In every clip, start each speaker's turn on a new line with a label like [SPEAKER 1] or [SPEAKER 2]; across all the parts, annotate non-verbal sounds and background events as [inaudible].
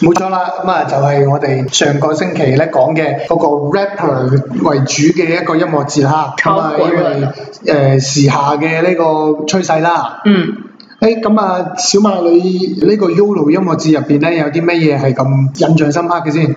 [SPEAKER 1] 冇錯啦，咁啊就係我哋上個星期咧講嘅嗰個 rapper 為主嘅一個音樂節，咁啊，因為誒時下嘅呢個趨勢啦。嗯。誒、哎，咁啊，小馬，你、這、呢個 YOLO 音樂節入邊咧有啲咩嘢係咁印象深刻嘅先？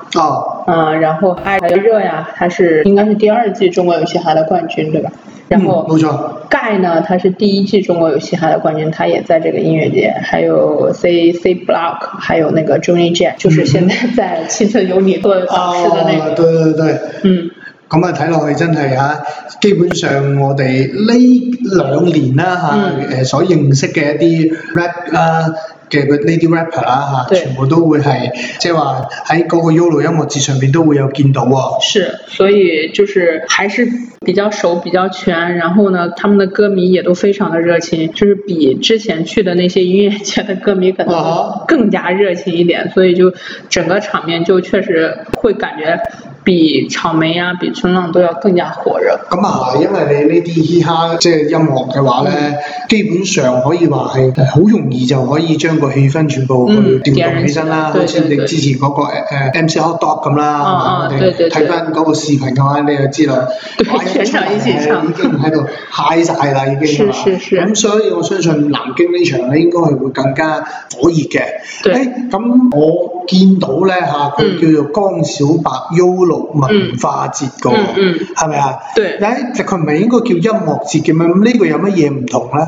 [SPEAKER 2] Oh，啊，嗯，然後艾、啊，艾熱呀，他是應該是第二季中國有嘻哈的冠軍對吧？然後，嗯、蓋呢，他是第一季中國有嘻哈的冠軍，他也在這個音樂節，還有 C C Block，還有那個 JONY J，就是現在在青春有你做
[SPEAKER 1] 導師的那、嗯。哦，都對對，對嗯，咁啊睇落去真係吓，基本上我哋呢兩年啦、啊、吓，誒、嗯啊呃、所認識嘅一啲 rap 啦。的這些 rapper、啊、全部都會是就是說在那個 YOLO 音樂節上面都會有見到、哦。
[SPEAKER 2] 是所以就是還是。比較熟，比較全，然後呢，他們的歌迷也都非常的熱情，就是比之前去的那些音樂節的歌迷可能更加熱情一點啊啊，所以就整個場面就確實會感覺比草莓呀、啊、比春浪都要更加火熱。
[SPEAKER 1] 咁啊，因為你呢啲嘻哈即係、就是、音樂嘅話咧、嗯，基本上可以話係好容易就可以將個氣氛全部去調動起身啦。嗯，對好似你之前嗰、那個誒 M C Hot Dog 咁啦，啊，啊是是對，對，對對。睇翻嗰個視頻嘅話，你就知道。整場咧已經喺度嗨晒 g h 曬啦，已經咁、 [laughs] 嗯，所以我相信南京呢場咧應該係會更加火熱嘅。誒，咁、哎、我見到咧嚇，佢、啊、叫做江小白 U 六文化節嘅，係咪啊？誒，即佢唔係應該叫音樂節嘅咩？咁、這、呢個有乜嘢唔同咧？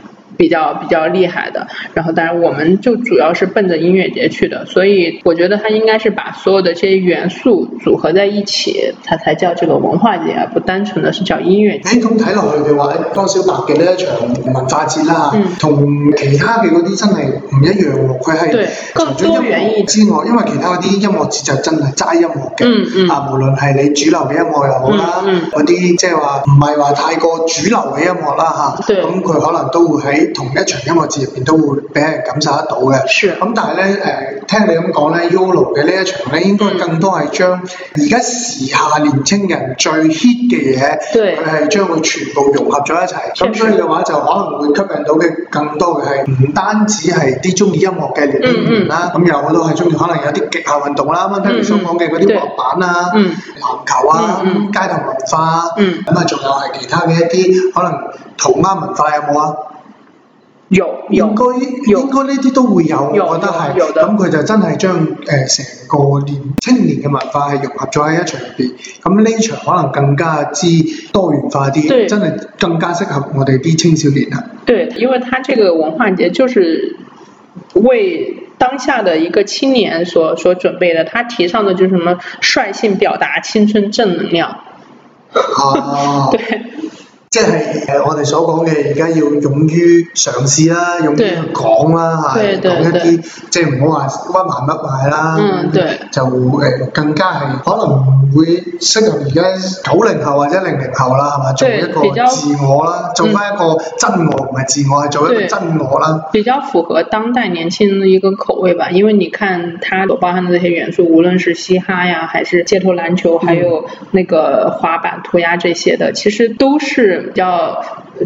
[SPEAKER 2] 比較比較厲害的，然後當然我們就主要是奔着音樂節去的，所以我覺得它應該是把所有的這些元素組合在一起，它才叫這個文化節、啊，不單純的是叫音樂節。
[SPEAKER 1] 誒，咁睇落去嘅話，江小白嘅呢一場文化節啦、啊，同、嗯、其他嘅嗰啲真係唔一樣，佢係除咗音樂之外，因為其他嗰啲音樂節就真係齋音樂嘅、嗯，啊，嗯、無論係你主流嘅音樂又好啦，嗰啲即係話唔係話太過主流嘅音樂啦、啊、吓，咁、嗯、佢、啊、可能都會喺同一場音樂節入邊都會俾人感受得到嘅，咁、sure. 嗯、但係咧誒，聽你咁講咧 YOLO 嘅呢一場咧，應該更多係將而家時下年青人最 hit 嘅嘢，佢係、呃、將佢全部融合咗一齊，咁、sure. 所以嘅話就可能會吸引到嘅更多嘅係唔單止係啲中意音樂嘅年青人啦，咁、mm-hmm. 啊、又好多係中意可能有啲極限運動啦，咁頭先你所講嘅嗰啲滑板啊、mm-hmm. 籃球啊、mm-hmm. 街頭文化啊，咁、mm-hmm. 啊仲有係其他嘅一啲可能塗鴉文化有冇啊？有，有，應該應該呢啲都會有，有，我覺得係，咁佢就真係將誒成個年青年嘅文化係融合咗喺一場入邊，咁呢場可能更加之多元化啲，真係更加適合我哋啲青少年啦。
[SPEAKER 2] 對，因為他這個文化節就是為當下的一個青年所所準備嘅，他提倡嘅就係什麼率性表達、青春正能量。哦、
[SPEAKER 1] 啊。 [laughs] 對即係誒，我哋所講嘅而家要勇於嘗試啦，勇於去講啦，吓講一啲即係唔好話乜埋乜埋啦，嗯、對，就誒更加係可能會適合而家九零後或者零零後啦，係嘛？做一個自我啦，做翻一個真我唔係、嗯、自我，係做一個真我
[SPEAKER 2] 啦。比較符合當代年輕人嘅一個口味吧，因為你看它所包含嘅呢些元素，無論是嘻哈呀，還是街頭籃球，還有那個滑板、塗鴉這些的，其實都是。比較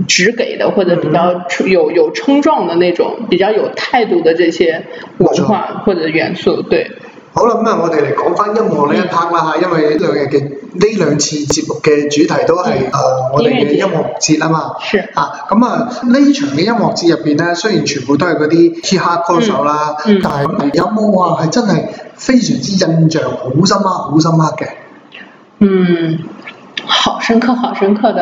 [SPEAKER 2] 直給的或者比較有有衝撞的那種，比較有態度的這些文化或者元素，對。嗯、好啦，
[SPEAKER 1] 咁啊，我哋嚟講翻音樂呢一 part 啦吓，因為呢兩日嘅呢兩次節目嘅主題都係誒、嗯呃、我哋嘅音樂節啊嘛，啊咁啊呢場嘅音樂節入邊咧，雖然全部都係嗰啲嘻哈歌手啦，嗯嗯、但係有冇話係真係非常之印象好深刻好深刻嘅？
[SPEAKER 2] 嗯，好深刻，好深刻嘅。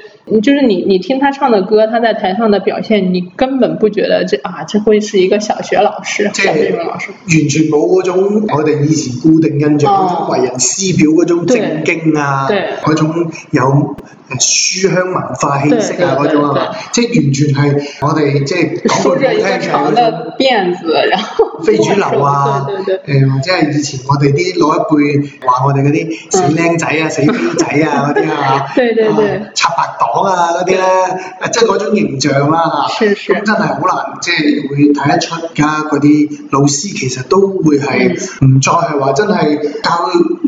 [SPEAKER 2] 就是你你聽他唱的歌，他在台上的表現，你根本不覺得這啊，這會是一個小學老師，小、就、學、是、
[SPEAKER 1] 老師完全冇種我哋以前固定印象種、啊、為人師表種正經啊，嗰種有書香文化氣息啊嗰種啊，即係完全係我哋即係講個好
[SPEAKER 2] 聽嘅、啊，非主流啊，誒或
[SPEAKER 1] 者係以前我哋啲老一輩話、嗯、我哋啲死僆仔啊，嗯、死 B 仔啊啲 [laughs] 啊，對對，對、啊、七八檔。啊嗰啲咧，即係嗰種形象啦嚇，咁真係好難即係、就是、會睇得出㗎。嗰啲老師其實都會係唔再係話真係教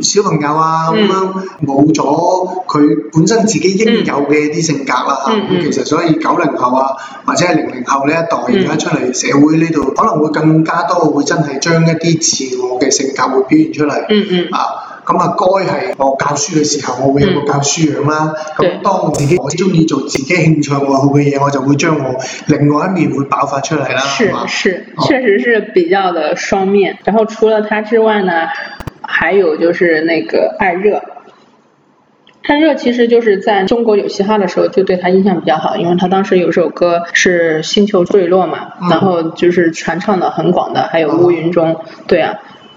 [SPEAKER 1] 小朋友啊咁樣，冇咗佢本身自己應有嘅啲性格啦嚇。咁其實所以九零後啊，或者係零零後呢一代而家出嚟社會呢度，可能會更加多會真係將一啲自我嘅性格會表現出嚟啊。嗯嗯咁、嗯嗯、啊，該係我教書嘅時候，我會有個教書樣啦。咁、嗯、當我自己中意做自己興趣愛好嘅嘢，我就會將我另外一面會爆發出嚟啦，係是是，
[SPEAKER 2] 確實是比較的雙面。然後除了他之外呢，還有就是那個艾熱，艾熱其實就是在中國有嘻哈的時候就對他印象比較好，因為他當時有首歌是《星球墜落》嘛、嗯，然後就是傳唱的很廣的，還有《烏雲中》嗯。對啊。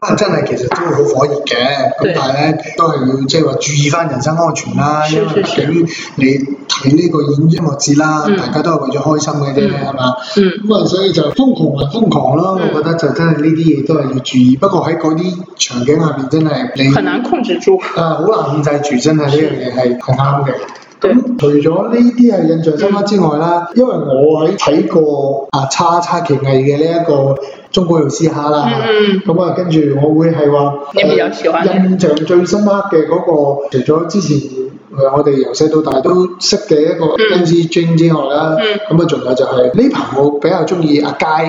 [SPEAKER 1] 咁啊，真係其實都好火熱嘅，咁但係咧都係要即係話注意翻人身安全啦。因為對於你睇呢個演音樂節啦、嗯，大家都係為咗開心嘅啫，係、嗯、嘛？咁啊、嗯，所以就瘋狂咪瘋狂咯、嗯。我覺得就真係呢啲嘢都係要注意。嗯、不過喺嗰啲場景下邊真係，你，好難控制住。啊，好難控制住真係呢樣嘢係好啱嘅。嗯、除咗呢啲係印象深刻之外啦、嗯，因為我喺睇過啊叉差奇藝嘅呢一個《中國歷史哈啦》咁、嗯、啊，跟、嗯、住、嗯、我會係話、
[SPEAKER 2] 呃、印
[SPEAKER 1] 象最深刻嘅嗰、那個，嗯、除咗之前我哋由細到大都識嘅一個英姿 j 之外啦，咁啊仲有就係呢排我比較中意阿佳、啊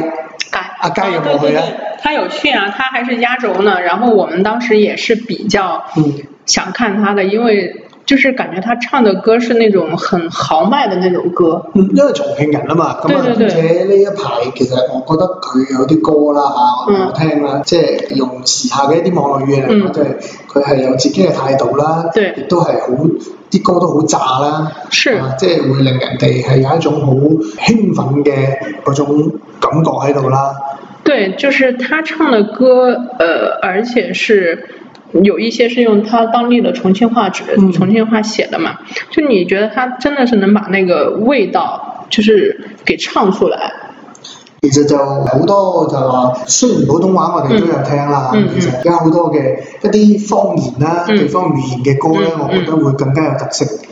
[SPEAKER 1] 啊，阿佳有冇去啦。
[SPEAKER 2] 他有去啊，他還是壓軸呢，然後我們當時也是比較想看他的，嗯、因為。就是感覺他唱的歌是那種很豪邁的那種歌。嗯，因為
[SPEAKER 1] 重慶人啊嘛，咁啊，而且呢一排，其實我覺得佢有啲歌啦啊、嗯，我聽啦，即、就、係、是、用時下嘅一啲網絡語言嚟講，即係佢係有自己嘅態度啦，亦都係好，啲歌都好炸啦，即係、啊就是、會令人哋係有一種好興奮嘅嗰種感覺喺度啦。
[SPEAKER 2] 對，就是他唱嘅歌，呃，而且是。有一些是用他當地的重慶話、嗯，重慶話寫的嘛。就你覺得他真的是能把那個味道，就是給唱出來？
[SPEAKER 1] 其實就好多就話，雖然普通話我哋都有聽啦、嗯，其實有好多嘅一啲方言啦、啊、地、嗯、方語言嘅歌咧、嗯，我覺得會更加有特色。嗯嗯嗯嗯。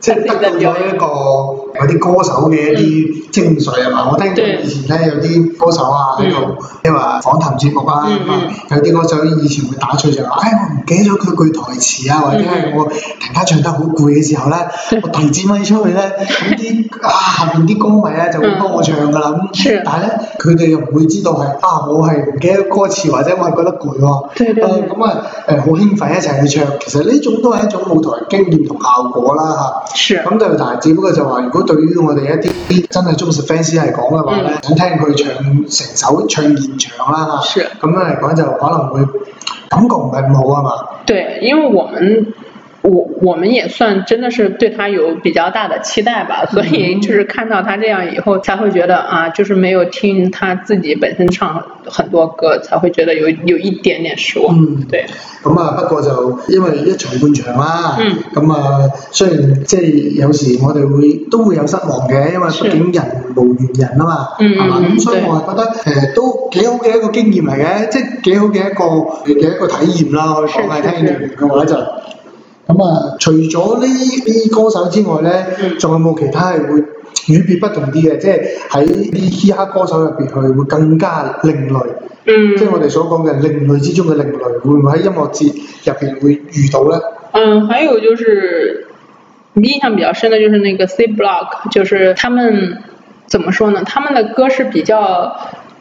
[SPEAKER 1] 即係得到咗一個有啲歌手嘅一啲精髓係嘛、嗯？我聽以前咧有啲歌手啊喺度，譬、嗯、如話訪談節目啊，嗯、有啲歌手以前會打趣就話、是：，唉、嗯哎，我唔記得咗佢句台詞啊，嗯、或者係我突然間唱得好攰嘅時候咧、嗯，我突然之麥出去咧，咁、嗯、啲、嗯、啊下邊啲歌迷咧就會幫我唱㗎啦。咁、嗯，但係咧佢哋又唔會知道係啊，我係唔記得歌詞，或者我係覺得攰喎、啊。咁啊誒好興奮一齊去唱，其實呢種都係一種舞台經驗同效果啦、啊、嚇。咁就、啊、但係，只不過就話，如果對於我哋一啲真係忠實 fans 嚟講嘅話咧、嗯，想聽佢唱成首唱現場啦吓，咁樣嚟講就可能會感覺唔係咁好啊嘛？
[SPEAKER 2] 對，因為我們。我我們也算真的是對他有比較大的期待吧，所以就是看到他這樣以後，嗯、才會覺得啊，就是沒有聽他自己本身唱很多歌，才會覺得有有一點點失望、
[SPEAKER 1] 嗯。嗯，對。咁、嗯、啊，不、嗯、過就因為一場半場啦，咁啊，雖然即係有時我哋會都會有失望嘅，因為畢竟人無完人啊嘛，係、嗯、嘛？咁所以我係覺得誒、呃，都幾好嘅一個經驗嚟嘅，即係幾好嘅一個嘅一個體驗啦。我講嚟聽嘅話就。咁、嗯、啊，除咗呢啲歌手之外咧，仲有冇其他係會與別不同啲嘅？即係喺啲嘻哈歌手入邊去，會更加另類，嗯、即係我哋所講嘅另類之中嘅另類，會唔會喺音樂節入邊會遇到咧？
[SPEAKER 2] 嗯，還有就是印象比較深嘅就是那個 C Block，就是他們怎麼說呢？他們嘅歌是比較。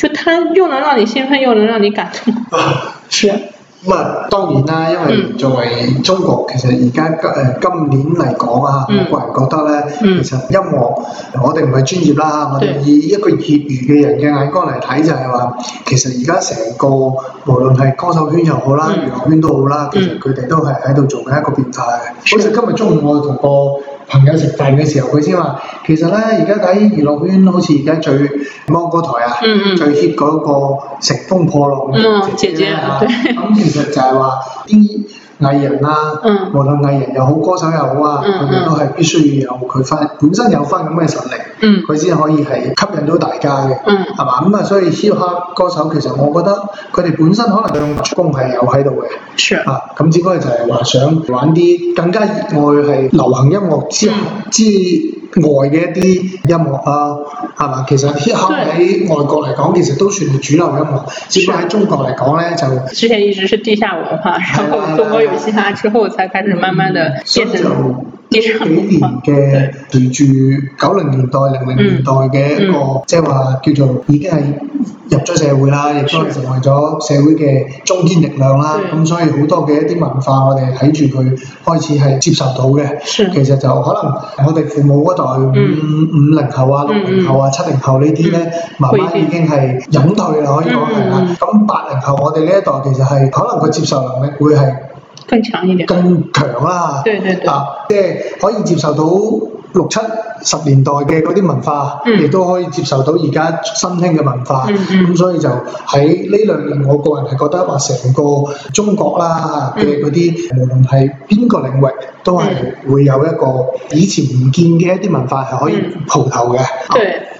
[SPEAKER 2] 就佢又能讓你興奮，又能
[SPEAKER 1] 讓你感動。啊，是咁啊，當然啦，因為作為中國，嗯、其實而家今今年嚟講啊，我、嗯、個人覺得咧、嗯，其實音樂，我哋唔係專業啦，我哋以一個業餘嘅人嘅眼光嚟睇就係話，其實而家成個無論係歌手圈又好啦，娛、嗯、樂圈都好啦，其實佢哋都係喺度做緊一個變化嘅、嗯。好似今日中午我同個朋友食飯嘅時候，佢先話：其實咧，而家喺娛樂圈，好似而家最芒果台啊，mm-hmm. 最 hit 嗰個《乘風破浪》。嗯，姐姐，咁、mm-hmm. 其實就係話 [laughs] 藝人啦、啊嗯，無論藝人又好歌手又好啊，佢、嗯、哋都係必須要有佢翻本身有翻咁嘅實力，佢、嗯、先可以係吸引到大家嘅，係、嗯、嘛？咁啊、嗯，所以嘻哈歌手其實我覺得佢哋本身可能用功係有喺度嘅，啊，咁只不過就係話想玩啲更加熱愛係流行音樂之後、嗯、之。外嘅一啲音樂啊，係嘛？其實 Hip Hop 喺外國嚟講，其實都算是主流音樂，只不過喺中國嚟講呢，就。
[SPEAKER 2] 之前一直是地下文化、啊，然後中國有嘻哈之後才開始慢慢的變成。嗯
[SPEAKER 1] 幾幾年嘅隨住九零年代、零、嗯、零年代嘅一個、嗯、即係話叫做已經係入咗社會啦，亦都成為咗社會嘅中堅力量啦。咁所以好多嘅一啲文化，我哋睇住佢開始係接受到嘅。其實就可能我哋父母嗰代五、嗯、五零後啊、六零後啊、嗯、七零後這些呢啲咧，慢、嗯、慢已經係隱退啦，可以講係啦。咁、嗯、八零後我哋呢一代，其實係可能佢接受能力會係，更強一點，更強啦對對對！啊，即、就、係、是、可以接受到六七十年代嘅嗰啲文化，亦、嗯、都可以接受到而家新興嘅文化。咁、嗯嗯、所以就喺呢兩年，我個人係覺得話，成個中國啦嘅嗰啲，無論係邊個領域，都係會有一個以前唔見嘅一啲文化係可以蒲頭嘅。嗯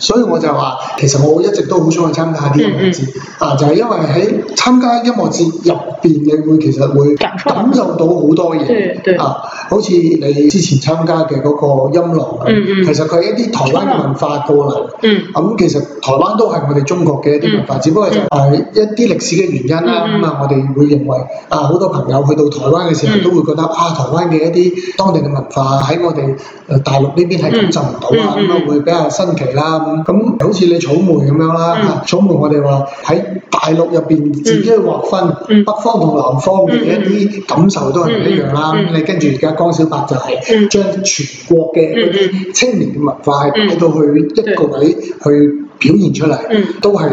[SPEAKER 1] 所以我就話，其實我一直都好想去參加啲音樂節、嗯嗯，啊，就係、是、因為喺參加音樂節入邊你會，其實會感受到好多嘢，啊，好似你之前參加嘅嗰個音樂、嗯嗯，其實佢係一啲台灣嘅文化過嚟，咁、嗯嗯、其實台灣都係我哋中國嘅一啲文化、嗯，只不過就係一啲歷史嘅原因啦。咁、嗯、啊、嗯嗯嗯，我哋會認為啊，好多朋友去到台灣嘅時候、嗯、都會覺得啊，台灣嘅一啲當地嘅文化喺我哋大陸呢邊係感受唔到、嗯嗯嗯、啊，咁啊會比較新奇啦。咁好似你草莓咁樣啦、嗯，草莓我哋話喺大陸入面自己去劃分、嗯、北方同南方嘅一啲感受都係唔一樣啦。咁你跟住而家江小白就係將全國嘅嗰啲青年嘅文化喺度、嗯、到去一個位去表現出嚟、嗯，都係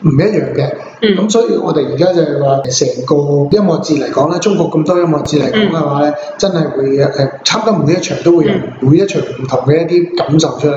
[SPEAKER 1] 唔一樣嘅。咁、嗯、所以我哋而家就係話成個音樂節嚟講咧，中國咁多音樂節嚟講嘅話咧，真係會差唔多每一場都會有每一場唔同嘅一啲感受出嚟。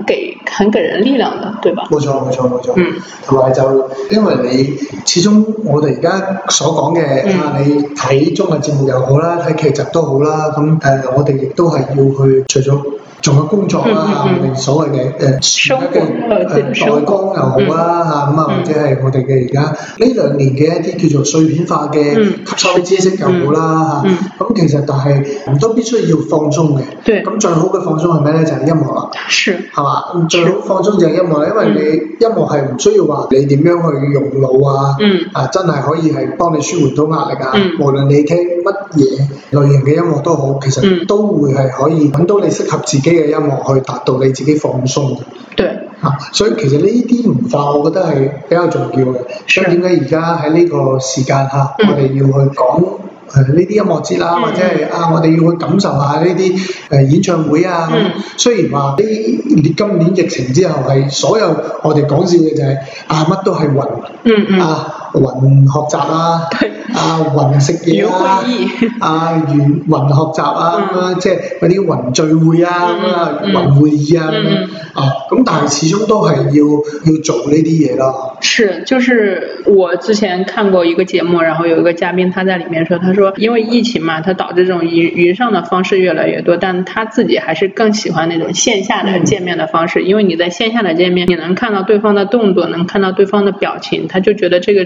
[SPEAKER 2] 給很給人力量嘅，對吧？冇
[SPEAKER 1] 錯冇錯冇錯。同埋、嗯、就因為你始終我哋而家所講嘅、嗯呃嗯嗯、啊，你睇綜藝節目又好啦，睇劇集都好啦，咁誒我哋亦都係要去除咗做緊工作啦，我哋所謂嘅誒而家嘅誒代工又好啦，嚇咁啊，或者係我哋嘅而家呢兩年嘅一啲叫做碎片化嘅吸收嘅知識又好啦，嚇、嗯。咁、嗯啊嗯嗯、其實但係都必須要放鬆嘅。咁最好嘅放鬆係咩咧？就係、是、音樂啦。是。嚇！最好放鬆就係音樂，因為你音樂係唔需要話你點樣去用腦啊，嗯、啊，真係可以係幫你舒緩到壓力啊、嗯。無論你聽乜嘢類型嘅音樂都好，其實都會係可以揾到你適合自己嘅音樂去達到你自己放鬆嘅。對。啊，所以其實呢啲文化，我覺得係比較重要嘅。咁點解而家喺呢個時間吓、嗯，我哋要去講？誒呢啲音樂節啦，或者係啊，我哋要去感受一下呢啲、呃、演唱會啊。嗯、雖然話今年疫情之後係所有我哋講笑嘅，就係啊，乜都係雲啊。雲學習啊，阿雲食嘢啊，雲雲雲學習啊咁啊， [laughs] 啊啊 [laughs] 即係嗰啲雲聚會啊咁啊， [laughs] 雲會議啊咁啊， [laughs] 啊咁但係始終都係要要做呢啲嘢咯。
[SPEAKER 2] 是，就是我之前看過一個節目，然後有一個嘉賓，他在裏面說，他說因為疫情嘛，他導致這種雲雲上的方式越來越多，但他自己還是更喜歡那種線下的見面的方式， [laughs] 因為你在線下的見面，你能看到對方的動作，能看到對方的表情，他就覺得這個。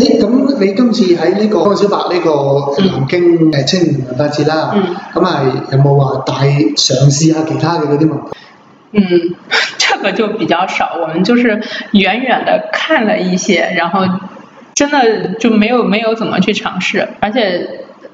[SPEAKER 1] 誒咁你今次喺呢個《愛小白》呢個南京誒青年文化節啦，咁、嗯、係有冇話大嘗試下其他嘅嗰啲冇？嗯，
[SPEAKER 2] 這個就比較少，我們就是遠遠的看了一些，然後真的就沒有沒有怎麼去嘗試，而且。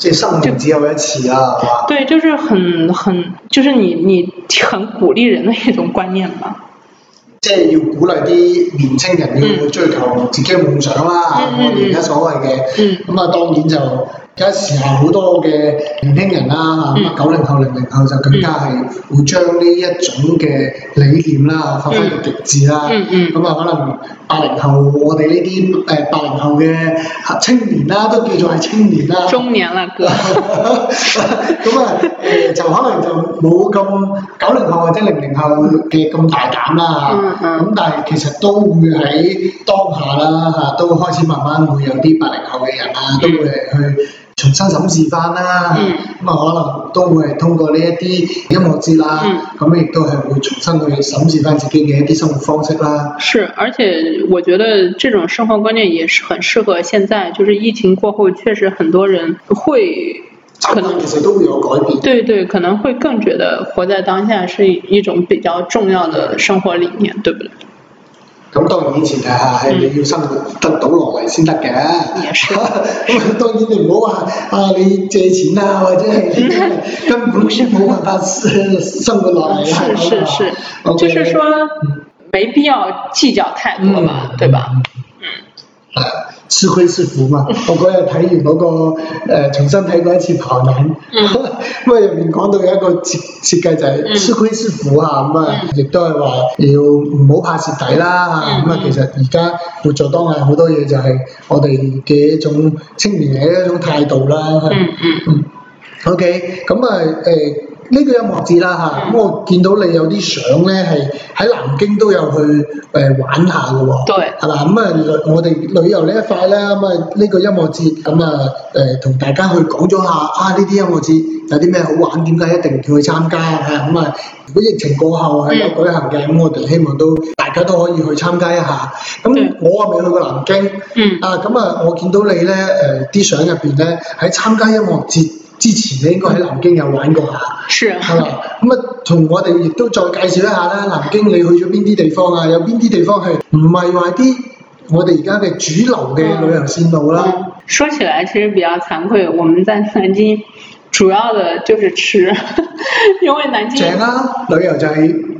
[SPEAKER 2] 即係生
[SPEAKER 1] 命只有一次啊，係嘛？
[SPEAKER 2] 對，就是很很，就是你你很鼓勵人嘅一種觀念啦。
[SPEAKER 1] 即係要鼓勵啲年輕人要去追求自己嘅夢想啦、嗯，我哋而家所謂嘅，咁、嗯、啊當然就。而家時候好多嘅年輕人啦嚇，咁啊九零後、零零後就更加係會將呢一種嘅理念啦，發揮到極致啦，咁、嗯、啊、嗯、可能八零後我哋呢啲誒八零後嘅青年啦，都叫做係青年啦，中年啦咁啊，誒 [laughs] [laughs] 就可能就冇咁九零後或者零零後嘅咁大膽啦咁、嗯嗯、但係其實都會喺當下啦嚇，都開始慢慢會有啲八零後嘅人啊都會去。重新審視翻啦，咁、嗯、啊可能都會通過呢一啲音樂節啦，咁、嗯、亦都係會重新去審視翻自己嘅一啲生活方式啦。
[SPEAKER 2] 是，而且我覺得這種生活觀念也是很適合現在，就是疫情過後，確實很多人會可能其實都會有改變。對,對對，可能會更覺得活在當下是一種比較重要的生活理念，對,對不對？
[SPEAKER 1] 咁當然以前啊係、嗯、你要生活得、啊、 [laughs] 到落嚟先得嘅，咁 [laughs] 啊當然你唔好話啊你借
[SPEAKER 2] 錢啊或者係，根本先唔好話冇辦法生活落嚟啊，係嘛？係係係，okay, 就是說，嗯、沒必要計較太多嘛、嗯，對吧？嗯。啊
[SPEAKER 1] 吃虧是福嘛，我嗰日睇完嗰、那個、呃、重新睇過一次跑男，咁啊入面講到有一個設設計就係，吃虧是福啊，咁啊亦都係話要唔好怕蝕底啦，咁啊其實而家活在當下好多嘢就係我哋嘅一種青年嘅一種態度啦，嗯嗯嗯，OK，咁啊誒。Okay? 呢、這個音樂節啦嚇，咁我見到你有啲相咧係喺南京都有去誒玩下嘅喎，係嘛？咁啊，我哋旅遊呢一塊咧，咁啊呢個音樂節，咁啊誒同大家去講咗下啊呢啲音樂節有啲咩好玩，點解一定要去參加啊？咁啊，如果疫情過後係有舉行嘅，咁、嗯、我哋希望都大家都可以去參加一下。咁、嗯、我啊未去過南京，嗯、啊咁啊我見到你咧誒啲相入邊咧喺參加音樂節。之前你應該喺南京有玩過嚇，
[SPEAKER 2] 係嘛？咁啊，同、
[SPEAKER 1] okay. 嗯、我哋亦都再介紹一下啦。南京你去咗邊啲地方啊？有邊啲地方係唔係話啲我哋而家嘅主流嘅旅遊線路啦、嗯嗯。
[SPEAKER 2] 說起來其實比較慚愧，我們在南京主要嘅就是吃， [laughs] 因為南京正啦、啊，旅遊就係、是。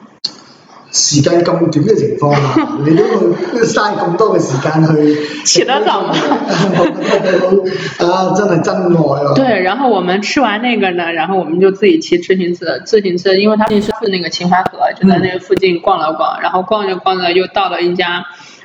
[SPEAKER 1] 時間咁短嘅情況下、啊， [laughs] 你都要嘥咁多嘅時間去，前一陣啊，真係真愛、啊。對，
[SPEAKER 2] 然後我們吃完那個呢，然後我們就自己騎自行車，自行車，因為佢附近那個秦淮河，就在那個附近逛了逛，然後逛著逛著又到了一家。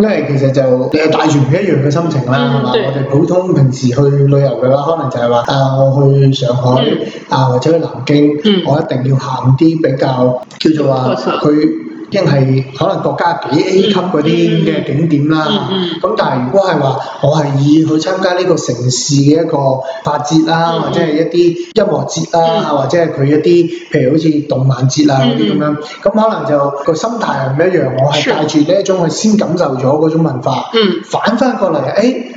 [SPEAKER 1] 因為其實就你係帶住唔一樣嘅心情啦，係、嗯、嘛？我哋普通平時去旅遊嘅話，可能就係話啊，我去上海、嗯、啊，或者去南京，嗯、我一定要行啲比較叫做話佢。嗯嗯已經係可能國家幾 A 級嗰啲嘅景點啦，咁、嗯嗯、但係如果係話我係以去參加呢個城市嘅一個八節啦、嗯，或者係一啲音樂節啦、嗯，或者係佢一啲譬如好似動漫節啊嗰啲咁樣，咁可能就、這個心態係唔一樣，我係帶住呢一種去先感受咗嗰種文化，嗯、反翻過嚟，誒、哎。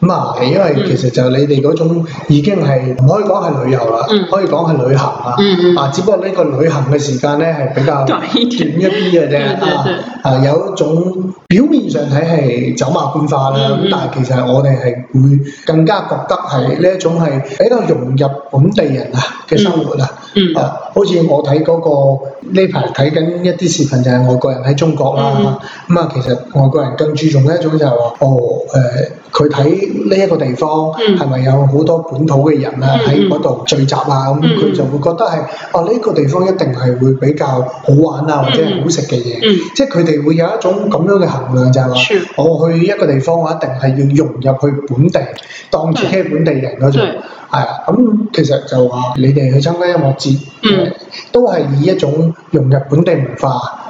[SPEAKER 1] 因為其實就你哋嗰種已經係唔可以講係旅遊啦、嗯，可以講係旅行喇、嗯嗯、只不過呢個旅行嘅時間咧係比較短一啲嘅啫，有一種表面上睇係走馬觀花、嗯嗯、但係其實我哋係會更加覺得係呢種種係喺度融入本地人啊嘅生活、嗯嗯啊、好似我睇嗰、嗰個呢排睇緊一啲視頻就係外國人喺中國咁、嗯啊、其實外國人更注重嘅一種就係話，哦、呃佢睇呢一個地方係咪有好多本土嘅人啊喺嗰度聚集啊咁，佢、嗯、就會覺得係，哦呢個地方一定係會比較好玩啊或者係好食嘅嘢，即係佢哋會有一種咁樣嘅衡量就係話、嗯，我去一個地方我一定係要融入去本地，當自己係本地人嗰種，係、嗯、啊，咁、嗯、其實就話你哋去參加音樂節，都係以一種融入本地文化。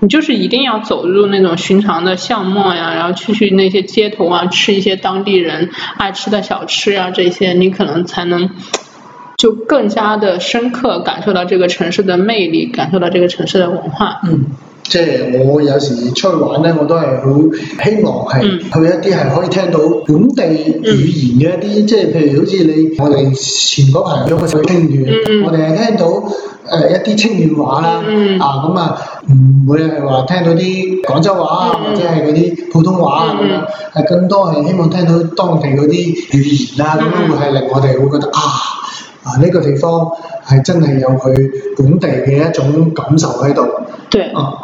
[SPEAKER 2] 你就是一定要走入那種尋常的巷陌呀，然後去去那些街頭啊，吃一些當地人愛吃的小吃啊，這些你可能才能就更加的深刻感受到這個城市的魅力，感受到這個城市的文化。嗯，
[SPEAKER 1] 即係我有時出去玩咧，我都係好希望係去一啲係可以聽到本地語言嘅一啲、嗯，即係譬如好似你我哋前嗰排去去清遠，我哋係聽、嗯、聽到。誒、呃、一啲清遠話啦、嗯，啊咁啊，唔會係話聽到啲廣州話啊、嗯，或者係嗰啲普通話啊咁樣，係、嗯、更多係希望聽到當地嗰啲語言啦，咁、嗯、樣會係令我哋會覺得啊，啊呢、呢個地方係真係有佢本地嘅一種感受喺度。對。啊。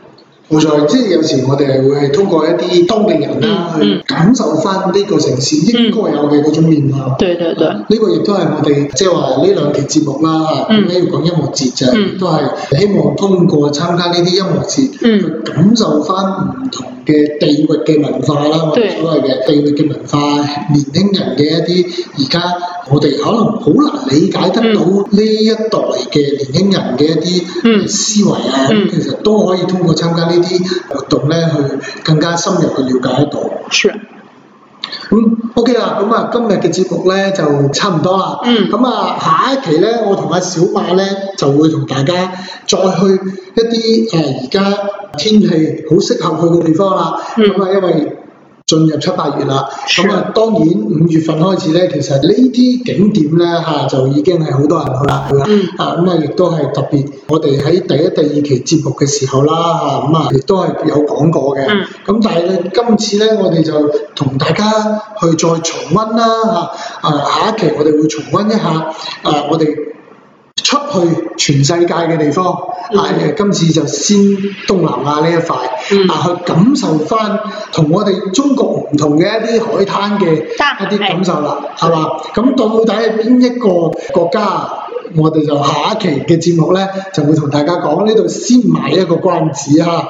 [SPEAKER 1] 冇錯，即係有時，我哋係會通過一啲當地人啦，去感受翻呢個城市應該有嘅嗰種面貌、嗯嗯嗯。對對對，呢、這個亦、嗯就是嗯、都係我哋即係話呢兩期節目啦，點解要講音樂節就係都係希望通過參加呢啲音樂節、嗯、去感受翻唔同嘅地域嘅文化啦，所謂嘅地域嘅文化、嗯、的的文化年輕人嘅一啲而家。我哋可能好難理解得到呢一代嘅年輕人嘅一啲思維啊、嗯嗯，其實都可以通過參加呢啲活動咧，去更加深入去了解得到。係。咁 OK 啦，咁啊今日嘅節目咧就差唔多啦。嗯。咁、okay、啊、嗯嗯嗯、下一期咧，我同阿小馬咧就會同大家再去一啲誒而家天氣好適合去嘅地方啦。咁啊因為。嗯嗯進入七八月啦，咁啊當然五月份開始呢，其實呢啲景點呢，嚇就已經係好多人去啦，嚇咁啊亦都係特別，我哋喺第一、第二期節目嘅時候啦，咁啊亦都係有講過嘅，咁、嗯、但係今次呢，我哋就同大家去再重溫啦，嚇啊下一期我哋會重溫一下，誒我哋。出去全世界嘅地方，啊、嗯，今次就先東南亞呢一塊，啊、嗯，去感受返同我哋中國唔同嘅一啲海灘嘅一啲感受啦，係、嗯、嘛？咁到底係邊一個國家？我哋就下一期嘅節目咧，就會同大家講，呢度先賣一個關子嚇、啊。